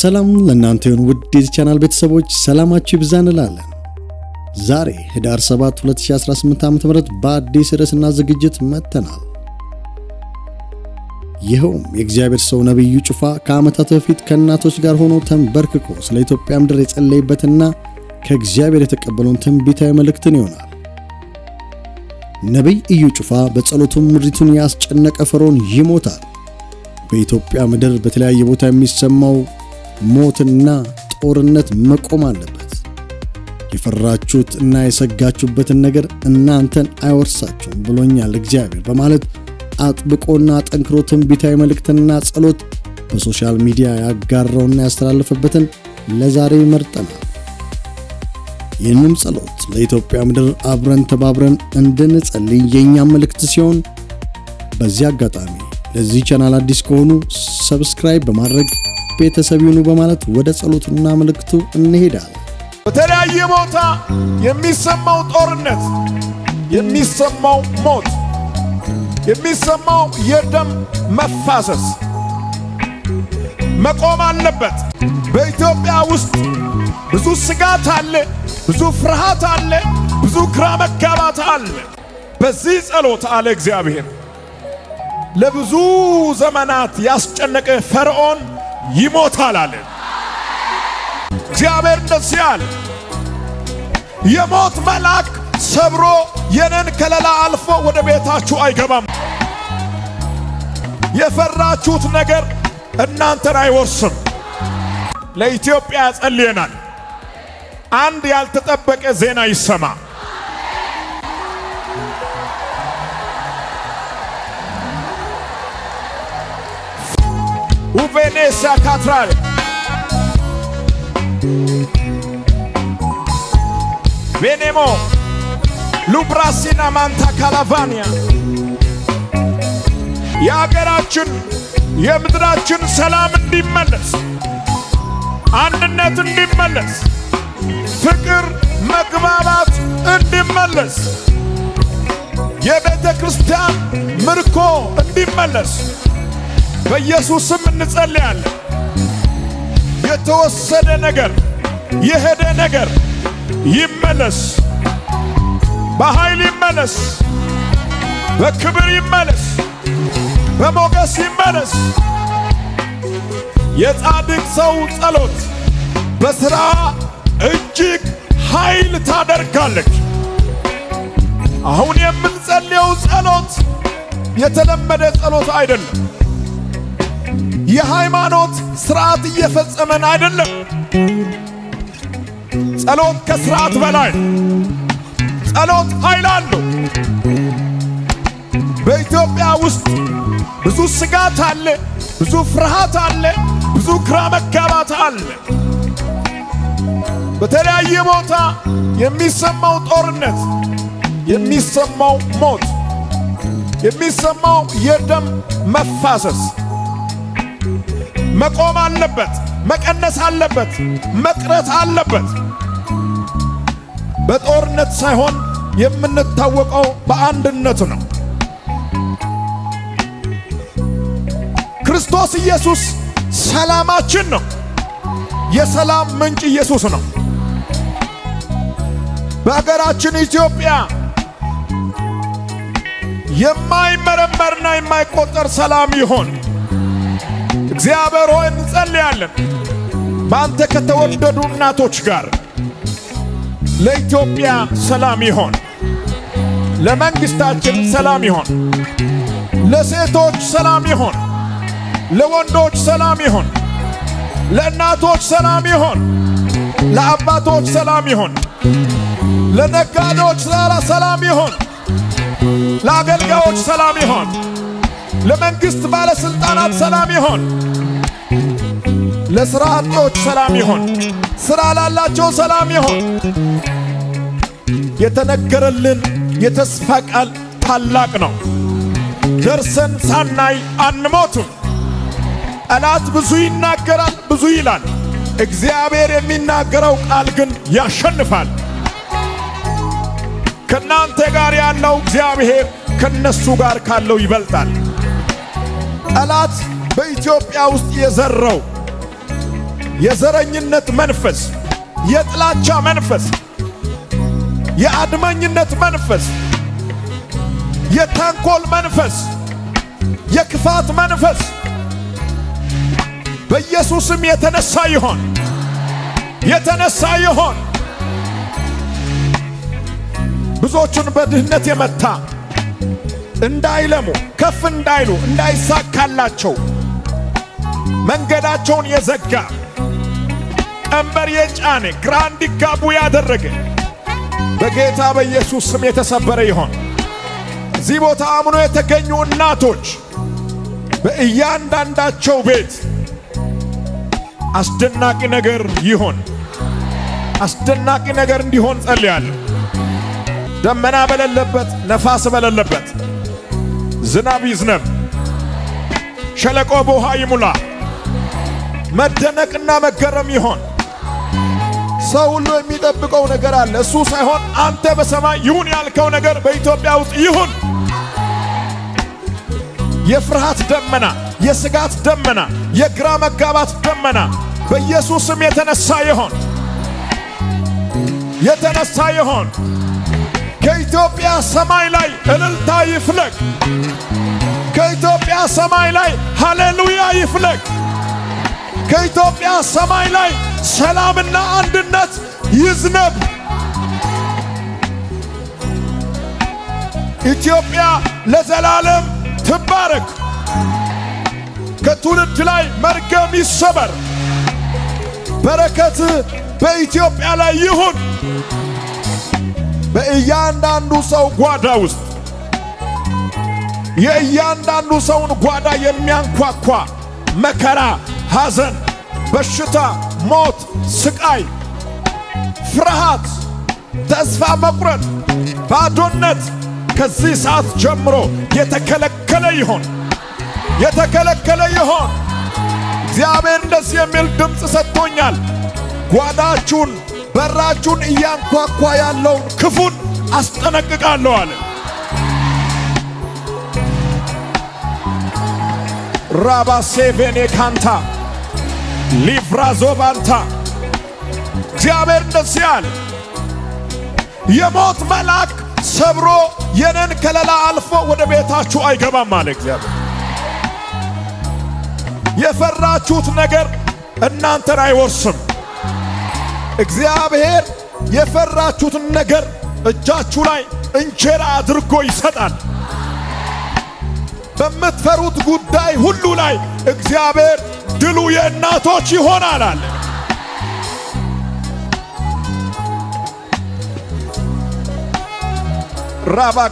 ሰላም ለእናንተ ይሁን ውድ የዚህ ቻናል ቤተሰቦች ሰላማችሁ ይብዛ እንላለን። ዛሬ ህዳር 7 2018 ዓ.ም በአዲስ ርዕስና ዝግጅት መጥተናል። ይኸውም የእግዚአብሔር ሰው ነቢዩ ጩፋ ከዓመታት በፊት ከእናቶች ጋር ሆኖ ተንበርክኮ ስለ ኢትዮጵያ ምድር የጸለይበትና ከእግዚአብሔር የተቀበለውን ትንቢታዊ መልእክትን ይሆናል። ነቢይ ኢዩ ጩፋ በጸሎቱም ምድሪቱን ያስጨነቀ ፈርዖን ይሞታል። በኢትዮጵያ ምድር በተለያየ ቦታ የሚሰማው ሞትና ጦርነት መቆም አለበት። የፈራችሁት እና የሰጋችሁበትን ነገር እናንተን አይወርሳችሁም ብሎኛል እግዚአብሔር በማለት አጥብቆና ጠንክሮ ትንቢታዊ መልእክትና ጸሎት በሶሻል ሚዲያ ያጋራውና ያስተላለፈበትን ለዛሬ መርጠናል። ይህንም ጸሎት ለኢትዮጵያ ምድር አብረን ተባብረን እንድንጸልይ የእኛም መልእክት ሲሆን በዚህ አጋጣሚ ለዚህ ቻናል አዲስ ከሆኑ ሰብስክራይብ በማድረግ ቤተሰብ ይሁኑ በማለት ወደ ጸሎቱና ምልክቱ እንሄዳለን። በተለያየ ቦታ የሚሰማው ጦርነት፣ የሚሰማው ሞት፣ የሚሰማው የደም መፋሰስ መቆም አለበት። በኢትዮጵያ ውስጥ ብዙ ስጋት አለ፣ ብዙ ፍርሃት አለ፣ ብዙ ግራ መጋባት አለ። በዚህ ጸሎት አለ እግዚአብሔር ለብዙ ዘመናት ያስጨነቀ ፈርዖን ይሞታል አለ። እግዚአብሔር እንደዚህ አለ፣ የሞት መልአክ ሰብሮ የነን ከለላ አልፎ ወደ ቤታችሁ አይገባም። የፈራችሁት ነገር እናንተን አይወርስም። ለኢትዮጵያ ያጸልየናል። አንድ ያልተጠበቀ ዜና ይሰማ። ቬኔሳ ካትራል ቬኔሞ ሉብራሲና ማንታ ካላቫኒያ የአገራችን የምድራችን ሰላም እንዲመለስ፣ አንድነት እንዲመለስ፣ ፍቅር መግባባት እንዲመለስ፣ የቤተ ክርስቲያን ምርኮ እንዲመለስ በኢየሱስ ስም እንጸልያለን። የተወሰደ ነገር፣ የሄደ ነገር ይመለስ፣ በኃይል ይመለስ፣ በክብር ይመለስ፣ በሞገስ ይመለስ። የጻድቅ ሰው ጸሎት በሥራ እጅግ ኃይል ታደርጋለች። አሁን የምንጸልየው ጸሎት የተለመደ ጸሎት አይደለም። የሃይማኖት ስርዓት እየፈጸመን አይደለም። ጸሎት ከስርዓት በላይ ጸሎት ኃይል አለው። በኢትዮጵያ ውስጥ ብዙ ስጋት አለ፣ ብዙ ፍርሃት አለ፣ ብዙ ግራ መጋባት አለ። በተለያየ ቦታ የሚሰማው ጦርነት፣ የሚሰማው ሞት፣ የሚሰማው የደም መፋሰስ መቆም አለበት፣ መቀነስ አለበት፣ መቅረት አለበት። በጦርነት ሳይሆን የምንታወቀው በአንድነት ነው። ክርስቶስ ኢየሱስ ሰላማችን ነው። የሰላም ምንጭ ኢየሱስ ነው። በአገራችን ኢትዮጵያ የማይመረመርና የማይቆጠር ሰላም ይሆን። እግዚአብሔር ሆይ እንጸልያለን በአንተ ከተወደዱ እናቶች ጋር ለኢትዮጵያ ሰላም ይሆን፣ ለመንግሥታችን ሰላም ይሆን፣ ለሴቶች ሰላም ይሆን፣ ለወንዶች ሰላም ይሆን፣ ለእናቶች ሰላም ይሆን፣ ለአባቶች ሰላም ይሆን፣ ለነጋዴዎች ሰላም ይሆን፣ ለአገልጋዮች ሰላም ይሆን። ለመንግሥት ባለሥልጣናት ሰላም ይሆን። ለሥራ አጦች ሰላም ይሆን። ሥራ ላላቸው ሰላም ይሆን። የተነገረልን የተስፋ ቃል ታላቅ ነው። ደርሰን ሳናይ አንሞትም። ጠላት ብዙ ይናገራል፣ ብዙ ይላል። እግዚአብሔር የሚናገረው ቃል ግን ያሸንፋል። ከእናንተ ጋር ያለው እግዚአብሔር ከነሱ ጋር ካለው ይበልጣል። ጠላት በኢትዮጵያ ውስጥ የዘራው የዘረኝነት መንፈስ፣ የጥላቻ መንፈስ፣ የአድመኝነት መንፈስ፣ የተንኮል መንፈስ፣ የክፋት መንፈስ በኢየሱስም የተነሳ ይሆን የተነሳ ይሆን ብዙዎቹን በድህነት የመታ እንዳይለሙ ከፍ እንዳይሉ እንዳይሳካላቸው መንገዳቸውን የዘጋ ቀንበር የጫነ ግራ እንዲጋቡ ያደረገ በጌታ በኢየሱስ ስም የተሰበረ ይሆን። እዚህ ቦታ አምኖ የተገኙ እናቶች በእያንዳንዳቸው ቤት አስደናቂ ነገር ይሆን፣ አስደናቂ ነገር እንዲሆን ጸልያለሁ። ደመና በሌለበት፣ ነፋስ በሌለበት ዝናብ ይዝነብ፣ ሸለቆ በውሃ ይሙላ፣ መደነቅና መገረም ይሆን። ሰው ሁሉ የሚጠብቀው ነገር አለ። እሱ ሳይሆን አንተ በሰማይ ይሁን ያልከው ነገር በኢትዮጵያ ውስጥ ይሁን። የፍርሃት ደመና፣ የስጋት ደመና፣ የግራ መጋባት ደመና በኢየሱስም የተነሳ ይሆን የተነሳ ይሆን። ከኢትዮጵያ ሰማይ ላይ እልልታ ይፍለቅ። ከኢትዮጵያ ሰማይ ላይ ሃሌሉያ ይፍለቅ። ከኢትዮጵያ ሰማይ ላይ ሰላምና አንድነት ይዝነብ። ኢትዮጵያ ለዘላለም ትባረክ። ከትውልድ ላይ መርገም ይሰበር። በረከት በኢትዮጵያ ላይ ይሁን። በእያንዳንዱ ሰው ጓዳ ውስጥ የእያንዳንዱ ሰውን ጓዳ የሚያንኳኳ መከራ፣ ሐዘን፣ በሽታ፣ ሞት፣ ስቃይ፣ ፍርሃት፣ ተስፋ መቁረጥ፣ ባዶነት ከዚህ ሰዓት ጀምሮ የተከለከለ ይሆን፣ የተከለከለ ይሆን። እግዚአብሔር ደስ የሚል ድምፅ ሰጥቶኛል። ጓዳችሁን በራችሁን እያንኳኳ ያለውን ክፉን አስጠነቅቃለሁ አለ። ራባ ሴቬኔ ካንታ ሊፍራዞ ባንታ እግዚአብሔር እንደዚህ አለ። የሞት መልአክ ሰብሮ የነን ከለላ አልፎ ወደ ቤታችሁ አይገባም አለ እግዚአብሔር። የፈራችሁት ነገር እናንተን አይወርስም። እግዚአብሔር የፈራችሁትን ነገር እጃችሁ ላይ እንጀራ አድርጎ ይሰጣል። በምትፈሩት ጉዳይ ሁሉ ላይ እግዚአብሔር ድሉ የእናቶች ይሆናል አለ።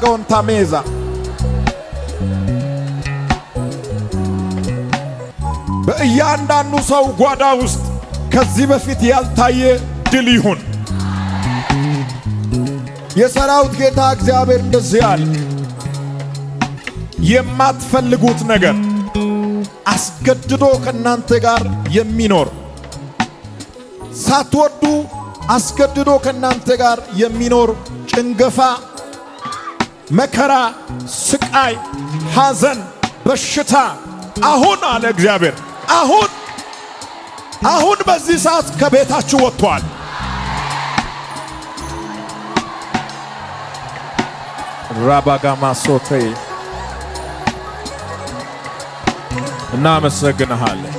ጋውንታ ሜዛ በእያንዳንዱ ሰው ጓዳ ውስጥ ከዚህ በፊት ያልታየ ድል ይሁን። የሰራዊት ጌታ እግዚአብሔር እንደዚህ ያለ የማትፈልጉት ነገር አስገድዶ ከእናንተ ጋር የሚኖር ሳትወዱ አስገድዶ ከእናንተ ጋር የሚኖር ጭንገፋ፣ መከራ፣ ስቃይ፣ ሐዘን፣ በሽታ አሁን አለ እግዚአብሔር አሁን አሁን በዚህ ሰዓት ከቤታችሁ ወጥቷል። ራባጋማሶቴ እናመሰግንሃለን፣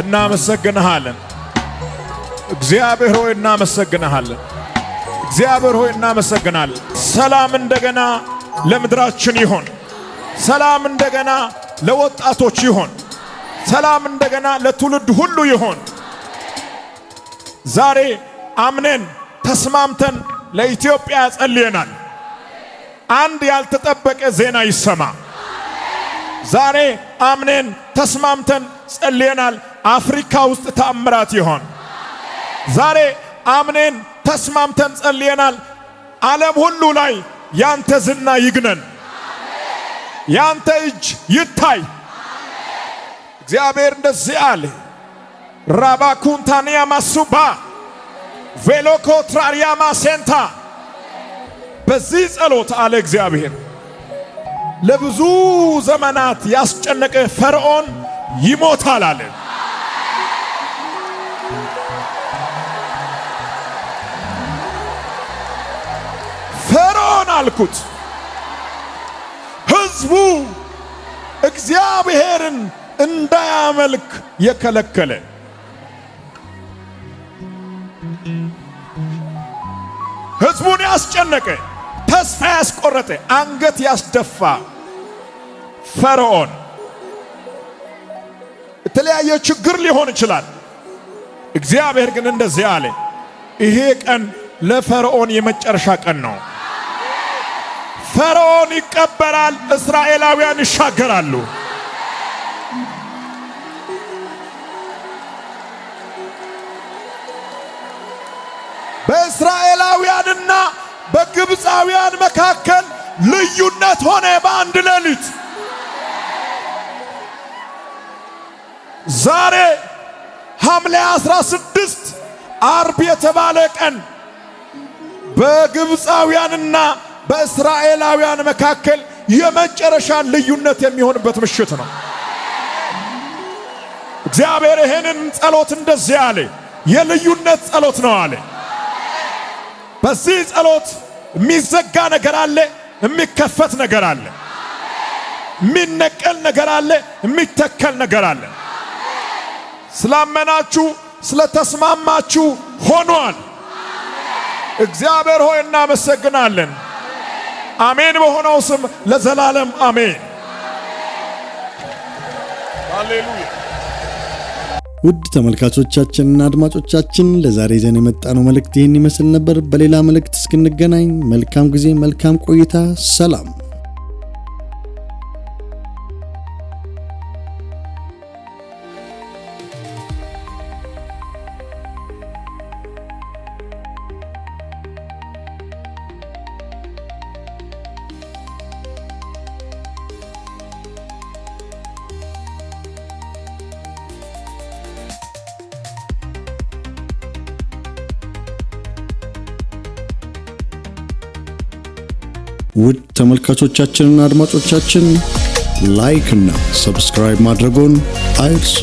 እናመሰግንሃለን። እግዚአብሔር ሆይ እናመሰግንሃለን። እግዚአብሔር ሆይ እናመሰግናለን። ሰላም እንደገና ለምድራችን ይሆን። ሰላም እንደገና ለወጣቶች ይሆን። ሰላም እንደገና ለትውልድ ሁሉ ይሆን። ዛሬ አምነን ተስማምተን ለኢትዮጵያ ጸልየናል። አንድ ያልተጠበቀ ዜና ይሰማ። ዛሬ አምነን ተስማምተን ጸልየናል። አፍሪካ ውስጥ ተአምራት ይሆን። ዛሬ አምነን ተስማምተን ጸልየናል። ዓለም ሁሉ ላይ ያንተ ዝና ይግነን፣ ያንተ እጅ ይታይ። እግዚአብሔር እንደዚህ አለ ራባኩንታንያ ማሱባ ቬሎኮ ትራሪያማ ሴንታ በዚህ ጸሎት አለ እግዚአብሔር ለብዙ ዘመናት ያስጨነቀ ፈርዖን ይሞታል አለ። ፈርዖን አልኩት፣ ሕዝቡ እግዚአብሔርን እንዳያመልክ የከለከለ ሕዝቡን ያስጨነቀ ተስፋ ያስቆረጠ አንገት ያስደፋ ፈርዖን የተለያየ ችግር ሊሆን ይችላል። እግዚአብሔር ግን እንደዚህ አለ፣ ይሄ ቀን ለፈርዖን የመጨረሻ ቀን ነው። ፈርዖን ይቀበራል፣ እስራኤላውያን ይሻገራሉ። በእስራኤላውያንና በግብፃውያን መካከል ልዩነት ሆነ። በአንድ ሌሊት ዛሬ ሐምሌ 16 አርብ የተባለ ቀን በግብፃውያንና በእስራኤላውያን መካከል የመጨረሻ ልዩነት የሚሆንበት ምሽት ነው። እግዚአብሔር ይሄንን ጸሎት እንደዚህ አለ፣ የልዩነት ጸሎት ነው አለ። በዚህ ጸሎት የሚዘጋ ነገር አለ፣ የሚከፈት ነገር አለ። የሚነቀል ነገር አለ፣ የሚተከል ነገር አለ። ስላመናችሁ ስለተስማማችሁ ሆኗል። እግዚአብሔር ሆይ እናመሰግናለን። አሜን በሆነው ስም ለዘላለም አሜን። ሃሌሉያ ውድ ተመልካቾቻችንና አድማጮቻችን ለዛሬ ዘን የመጣነው መልእክት ይህን ይመስል ነበር። በሌላ መልእክት እስክንገናኝ መልካም ጊዜ፣ መልካም ቆይታ። ሰላም ውድ ተመልካቾቻችንና አድማጮቻችን ላይክ እና ሰብስክራይብ ማድረጎን አይርሱ።